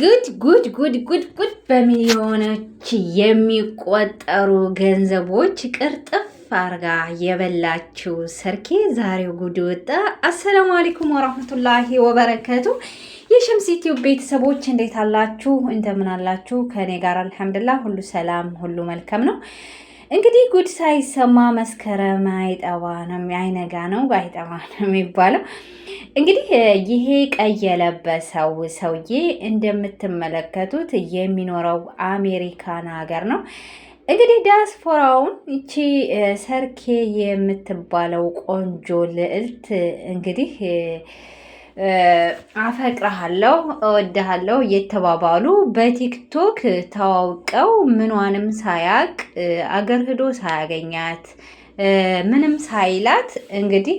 ጉድ ጉድ ጉድ ጉድ ጉድ! በሚሊዮኖች የሚቆጠሩ ገንዘቦች ቅርጥፍ አርጋ የበላችው ሰርኬ ዛሬው ጉድ ወጣ። አሰላሙ አለይኩም ወራህመቱላሂ ወበረከቱ። የሸምስ ዩቲዩብ ቤተሰቦች እንዴት አላችሁ? እንደምን አላችሁ? ከእኔ ጋር አልሐምድላ ሁሉ ሰላም፣ ሁሉ መልካም ነው። እንግዲህ ጉድ ሳይሰማ መስከረም አይጠባ ነው አይነጋ ነው አይጠባ ነው የሚባለው። እንግዲህ ይሄ ቀይ የለበሰው ሰውዬ እንደምትመለከቱት የሚኖረው አሜሪካን ሀገር ነው። እንግዲህ ዲያስፖራውን እቺ ሰርኬ የምትባለው ቆንጆ ልዕልት እንግዲህ አፈቅረሃለሁ፣ እወድሃለሁ እየተባባሉ በቲክቶክ ተዋውቀው ምኗንም ሳያቅ አገር ሂዶ ሳያገኛት ምንም ሳይላት እንግዲህ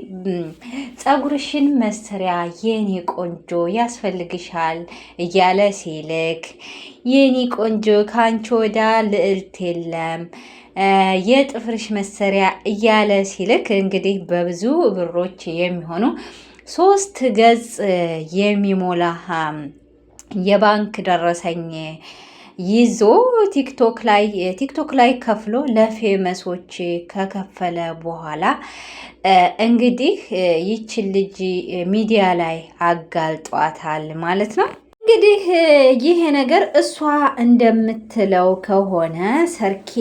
ፀጉርሽን መሰሪያ የኔ ቆንጆ ያስፈልግሻል እያለ ሲልክ የኔ ቆንጆ ከአንቺ ወዳ ልዕልት የለም የጥፍርሽ መሰሪያ እያለ ሲልክ እንግዲህ በብዙ ብሮች የሚሆኑ ሶስት ገጽ የሚሞላ የባንክ ደረሰኝ ይዞ ቲክቶክ ላይ ቲክቶክ ላይ ከፍሎ ለፌመሶች ከከፈለ በኋላ እንግዲህ ይች ልጅ ሚዲያ ላይ አጋልጧታል ማለት ነው። እንግዲህ ይሄ ነገር እሷ እንደምትለው ከሆነ ሰርኬ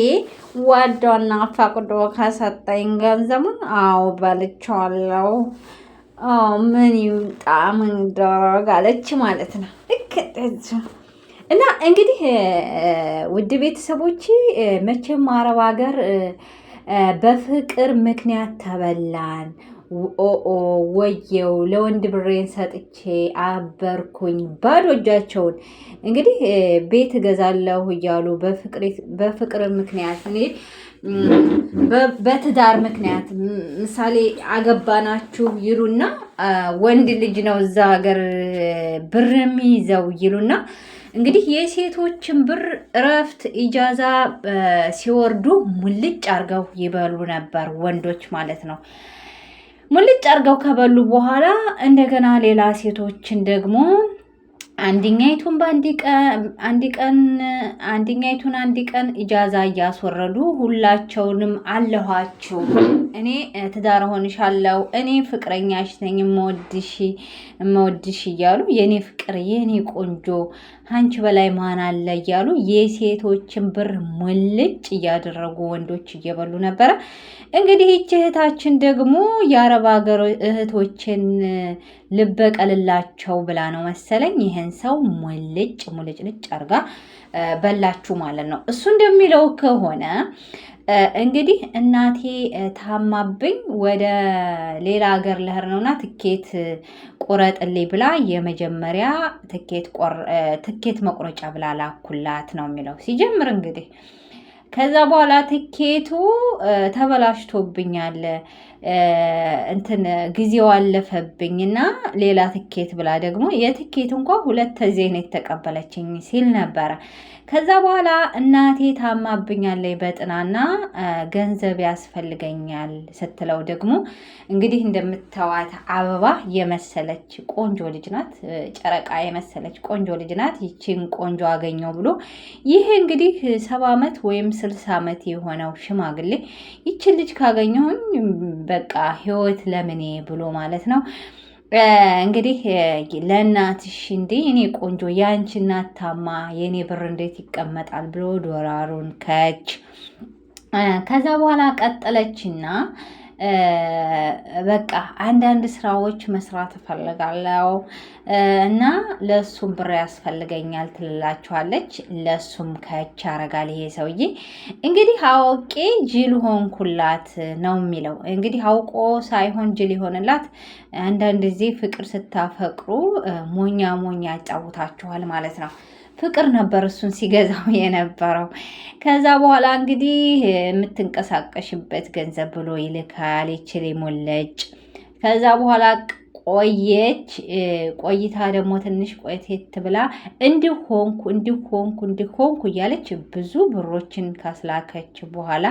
ዋዷና ፈቅዶ ከሰጠኝ ገንዘቡን አው በልቻለው ምን ይምጣ ምን ይደረግ አለች ማለት ነው። ልክ እና እንግዲህ ውድ ቤተሰቦች መቼም አረብ ሀገር በፍቅር ምክንያት ተበላን። ኦኦ ወየው ለወንድ ብሬን ሰጥቼ አበርኩኝ ባዶ እጃቸውን። እንግዲህ ቤት እገዛለሁ እያሉ በፍቅር ምክንያት እኔ በትዳር ምክንያት ምሳሌ አገባናችሁ ይሉና ወንድ ልጅ ነው እዛ ሀገር ብር የሚይዘው ይሉና እንግዲህ የሴቶችን ብር እረፍት ኢጃዛ ሲወርዱ ሙልጭ አርገው ይበሉ ነበር ወንዶች ማለት ነው። ሙልጭ አርገው ከበሉ በኋላ እንደገና ሌላ ሴቶችን ደግሞ አንድኛይቱን በአንድ ቀን አንድ ቀን አንድኛይቱን አንድ ቀን ኢጃዛ እያስወረዱ ሁላቸውንም አለኋቸው። እኔ ትዳር ሆንሻለሁ፣ እኔ ፍቅረኛሽ ነኝ፣ እመወድሽ እመወድሽ እያሉ የእኔ ፍቅር፣ የእኔ ቆንጆ፣ አንቺ በላይ ማን አለ እያሉ የሴቶችን ብር ሙልጭ እያደረጉ ወንዶች እየበሉ ነበረ። እንግዲህ ይች እህታችን ደግሞ የአረብ ሀገር እህቶችን ልበቀልላቸው ብላ ነው መሰለኝ ይህን ሰው ሙልጭ ሙልጭ ልጭ አርጋ በላችሁ ማለት ነው። እሱ እንደሚለው ከሆነ እንግዲህ እናቴ ታማብኝ ወደ ሌላ ሀገር ልሄድ ነውና ትኬት ቁረጥልኝ ብላ የመጀመሪያ ትኬት መቁረጫ ብላ ላኩላት ነው የሚለው ሲጀምር እንግዲህ ከዛ በኋላ ትኬቱ ተበላሽቶብኛል፣ እንትን ጊዜው አለፈብኝ እና ሌላ ትኬት ብላ ደግሞ የትኬት እንኳ ሁለት ተዜይ ነው የተቀበለችኝ ሲል ነበረ። ከዛ በኋላ እናቴ ታማብኛለች በጥናና ገንዘብ ያስፈልገኛል ስትለው ደግሞ እንግዲህ እንደምታዋት አበባ የመሰለች ቆንጆ ልጅ ናት፣ ጨረቃ የመሰለች ቆንጆ ልጅ ናት። ይችን ቆንጆ አገኘው ብሎ ይሄ እንግዲህ ሰባ ዓመት ወይም ስልሳ ዓመት የሆነው ሽማግሌ ይች ልጅ ካገኘሁኝ በቃ ህይወት ለምኔ ብሎ ማለት ነው። እንግዲህ ለእናትሽ እንዲ እኔ ቆንጆ የአንቺ እናት ታማ የእኔ ብር እንዴት ይቀመጣል ብሎ ዶራሩን ከች ከዛ በኋላ ቀጠለችና በቃ አንዳንድ ስራዎች መስራት እፈልጋለሁ እና ለእሱም ብር ያስፈልገኛል ትልላችኋለች። ለእሱም ከች ያረጋል። ይሄ ሰውዬ እንግዲህ አውቄ ጅል ሆንኩላት ነው የሚለው። እንግዲህ አውቆ ሳይሆን ጅል ይሆንላት። አንዳንድ ጊዜ ፍቅር ስታፈቅሩ ሞኛ ሞኛ ያጫውታችኋል ማለት ነው። ፍቅር ነበር እሱን ሲገዛው የነበረው። ከዛ በኋላ እንግዲህ የምትንቀሳቀሽበት ገንዘብ ብሎ ይልካል ይችል ሞለጭ። ከዛ በኋላ ቆየች ቆይታ ደግሞ ትንሽ ቆየት ብላ እንዲሆንኩ እንዲሆንኩ እንዲሆንኩ እያለች ብዙ ብሮችን ካስላከች በኋላ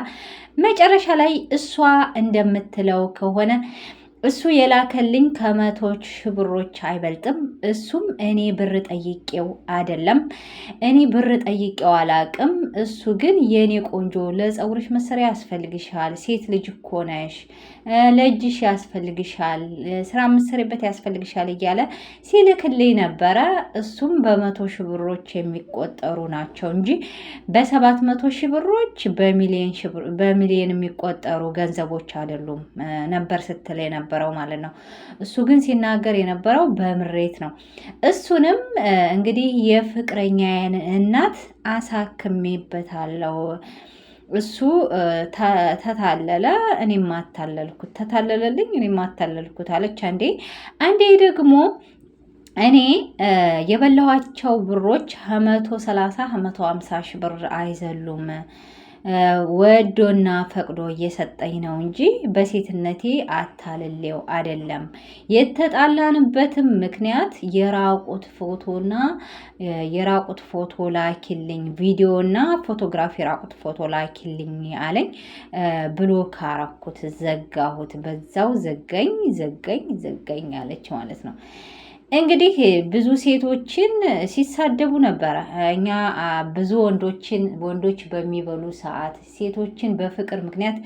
መጨረሻ ላይ እሷ እንደምትለው ከሆነ እሱ የላከልኝ ከመቶ ሺህ ብሮች አይበልጥም። እሱም እኔ ብር ጠይቄው አይደለም፣ እኔ ብር ጠይቄው አላቅም። እሱ ግን የእኔ ቆንጆ ለፀጉርሽ መሰሪያ ያስፈልግሻል፣ ሴት ልጅ እኮ ነሽ፣ ለእጅሽ ያስፈልግሻል፣ ስራ የምትሰሪበት ያስፈልግሻል እያለ ሲልክልኝ ነበረ። እሱም በመቶ ሺህ ብሮች የሚቆጠሩ ናቸው እንጂ በሰባት መቶ ሺህ ብሮች በሚሊየን የሚቆጠሩ ገንዘቦች አይደሉም ነበር ስትለኝ ነበር የነበረው ማለት ነው። እሱ ግን ሲናገር የነበረው በምሬት ነው። እሱንም እንግዲህ የፍቅረኛዬን እናት አሳክሜበታለሁ። እሱ ተታለለ፣ እኔም አታለልኩት፣ ተታለለልኝ፣ እኔም አታለልኩት አለች አንዴ አንዴ ደግሞ እኔ የበላኋቸው ብሮች መቶ ሰላሳ መቶ ሀምሳ ሺህ ብር አይዘሉም ወዶና ፈቅዶ እየሰጠኝ ነው እንጂ በሴትነቴ አታልሌው አይደለም። የተጣላንበትም ምክንያት የራቁት ፎቶና የራቁት ፎቶ ላኪልኝ፣ ቪዲዮና ፎቶግራፍ የራቁት ፎቶ ላኪልኝ አለኝ ብሎ ካረኩት ዘጋሁት። በዛው ዘገኝ ዘገኝ ዘገኝ አለች ማለት ነው። እንግዲህ ብዙ ሴቶችን ሲሳደቡ ነበረ። እኛ ብዙ ወንዶችን ወንዶች በሚበሉ ሰዓት ሴቶችን በፍቅር ምክንያት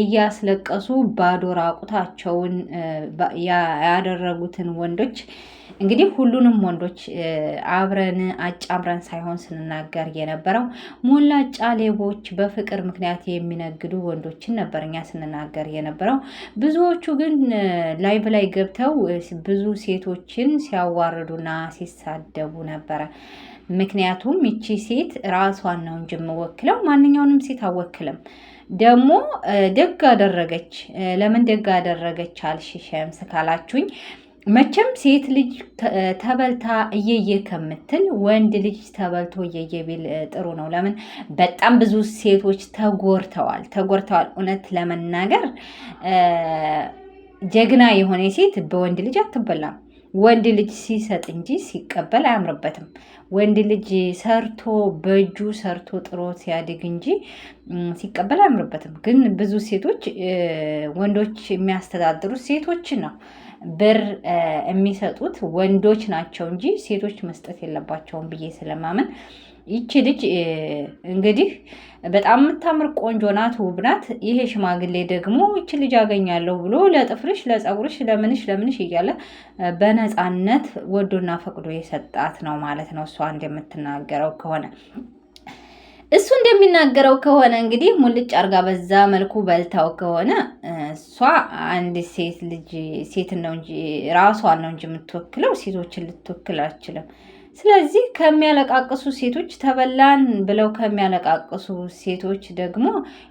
እያስለቀሱ ባዶ ራቁታቸውን ያደረጉትን ወንዶች እንግዲህ ሁሉንም ወንዶች አብረን አጫምረን ሳይሆን ስንናገር የነበረው ሞላጫ ሌቦች፣ በፍቅር ምክንያት የሚነግዱ ወንዶችን ነበር እኛ ስንናገር የነበረው። ብዙዎቹ ግን ላይቭ ላይ ገብተው ብዙ ሴቶችን ሲያዋርዱና ሲሳደቡ ነበረ። ምክንያቱም ይቺ ሴት ራሷን ነው እንጂ የምወክለው ማንኛውንም ሴት አወክልም። ደግሞ ደግ አደረገች። ለምን ደግ አደረገች አልሽሸም ስካላችሁኝ መቼም ሴት ልጅ ተበልታ እየየ ከምትል ወንድ ልጅ ተበልቶ እየየ ቢል ጥሩ ነው። ለምን በጣም ብዙ ሴቶች ተጎርተዋል ተጎርተዋል። እውነት ለመናገር ጀግና የሆነ ሴት በወንድ ልጅ አትበላም። ወንድ ልጅ ሲሰጥ እንጂ ሲቀበል አያምርበትም። ወንድ ልጅ ሰርቶ በእጁ ሰርቶ ጥሮ ሲያድግ እንጂ ሲቀበል አያምርበትም። ግን ብዙ ሴቶች ወንዶች የሚያስተዳድሩት ሴቶች ነው ብር የሚሰጡት ወንዶች ናቸው እንጂ ሴቶች መስጠት የለባቸውም ብዬ ስለማመን ይቺ ልጅ እንግዲህ በጣም የምታምር ቆንጆ ናት፣ ውብ ናት። ይሄ ሽማግሌ ደግሞ ይቺ ልጅ አገኛለሁ ብሎ ለጥፍርሽ፣ ለፀጉርሽ፣ ለምንሽ ለምንሽ እያለ በነፃነት ወዶና ፈቅዶ የሰጣት ነው ማለት ነው። እሷ እንደምትናገረው ከሆነ እሱ እንደሚናገረው ከሆነ እንግዲህ ሙልጭ አርጋ በዛ መልኩ በልታው ከሆነ እሷ አንድ ሴት ልጅ ሴት ነው እንጂ ራሷን ነው እንጂ የምትወክለው ሴቶችን ልትወክል አችልም። ስለዚህ ከሚያለቃቅሱ ሴቶች ተበላን ብለው ከሚያለቃቅሱ ሴቶች ደግሞ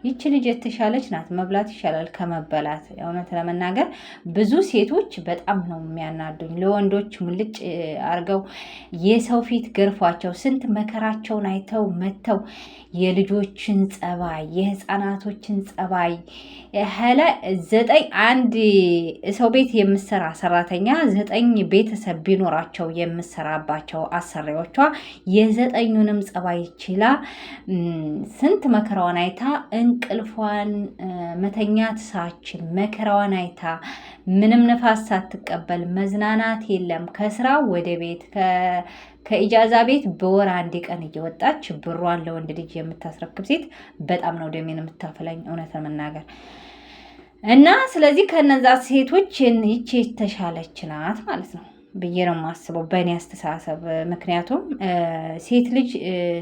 ይቺ ልጅ የተሻለች ናት፣ መብላት ይሻላል ከመበላት። እውነት ለመናገር ብዙ ሴቶች በጣም ነው የሚያናዱኝ። ለወንዶች ሙልጭ አርገው የሰው ፊት ገርፏቸው ስንት መከራቸውን አይተው መተው የልጆችን ጸባይ፣ የህፃናቶችን ጸባይ ሀላ ዘጠኝ አንድ ሰው ቤት የምሰራ ሰራተኛ ዘጠኝ ቤተሰብ ቢኖራቸው የምሰራባቸው አሰሪዎቿ የዘጠኙንም ጸባይ ችላ ስንት መከራዋን አይታ እንቅልፏን መተኛት ሳችል መከራዋን አይታ ምንም ንፋስ ሳትቀበል መዝናናት የለም ከስራ ወደ ቤት ከኢጃዛ ቤት በወር አንድ ቀን እየወጣች ብሯን ለወንድ ልጅ የምታስረክብ ሴት በጣም ነው ደሜን የምታፈላኝ እውነት ለመናገር እና ስለዚህ ከነዛ ሴቶች ይቺ የተሻለች ናት ማለት ነው። ብዬ ነው የማስበው በእኔ አስተሳሰብ። ምክንያቱም ሴት ልጅ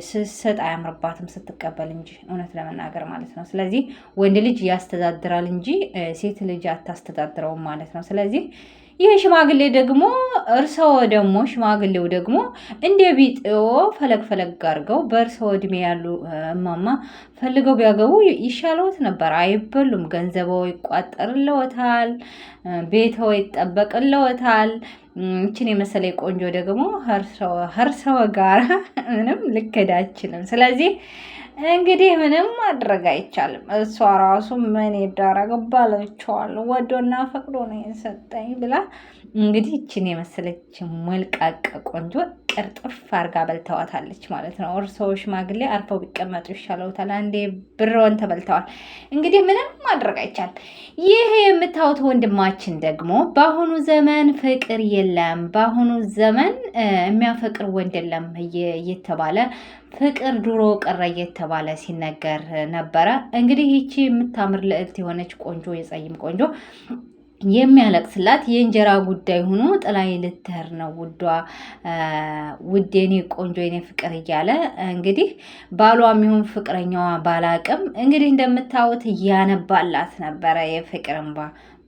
ስትሰጥ አያምርባትም ስትቀበል እንጂ እውነት ለመናገር ማለት ነው። ስለዚህ ወንድ ልጅ ያስተዳድራል እንጂ ሴት ልጅ አታስተዳድረውም ማለት ነው። ስለዚህ ይህ ሽማግሌ ደግሞ እርሰዎ ደግሞ ሽማግሌው ደግሞ እንደ ቢጤዎ ፈለግ ፈለግ አድርገው በእርሰዎ እድሜ ያሉ እማማ ፈልገው ቢያገቡ ይሻለዎት ነበር። አይበሉም፣ ገንዘበው ይቋጠርለዎታል፣ ቤተው ይጠበቅለዎታል። ይችን የመሰለ ቆንጆ ደግሞ እርሰዎ ጋር ምንም ልክድ አይችልም። ስለዚህ እንግዲህ ምንም ማድረግ አይቻልም። እሷ ራሱ ምን ይዳረግ ባለችዋል ወዶና ፈቅዶ ነው የሰጠኝ ብላ እንግዲህ ይችን የመሰለች ሞልቃቅ ቆንጆ ቅርጥፍ አርጋ በልተዋታለች ማለት ነው። እርስዎ ሽማግሌ አርፈው ቢቀመጡ ይሻለውታል። አንዴ ብረውን ተበልተዋል። እንግዲህ ምንም ማድረግ አይቻል። ይህ የምታዩት ወንድማችን ደግሞ በአሁኑ ዘመን ፍቅር የለም፣ በአሁኑ ዘመን የሚያፈቅር ወንድ የለም እየተባለ ፍቅር ድሮ ቀረ እየተባለ ሲነገር ነበረ። እንግዲህ ይቺ የምታምር ልዕልት የሆነች ቆንጆ የጸይም ቆንጆ የሚያለቅስላት የእንጀራ ጉዳይ ሆኖ ጥላይ ልትሄድ ነው ውዷ ውድ የኔ ቆንጆ የኔ ፍቅር እያለ እንግዲህ ባሏ የሚሆን ፍቅረኛዋ ባላቅም እንግዲህ እንደምታዩት እያነባላት ነበረ የፍቅር እንባ።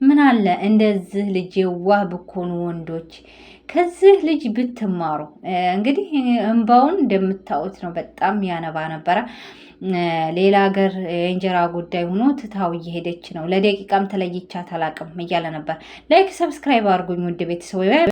ምን አለ እንደዚህ ልጅ የዋህ ብኮኑ ወንዶች ከዚህ ልጅ ብትማሩ። እንግዲህ እንባውን እንደምታዩት ነው፣ በጣም ያነባ ነበረ። ሌላ ሀገር የእንጀራ ጉዳይ ሆኖ ትታው እየሄደች ነው። ለደቂቃም ተለይቻት አላቅም እያለ ነበር። ላይክ ሰብስክራይብ አድርጉኝ ውድ ቤተሰቦች።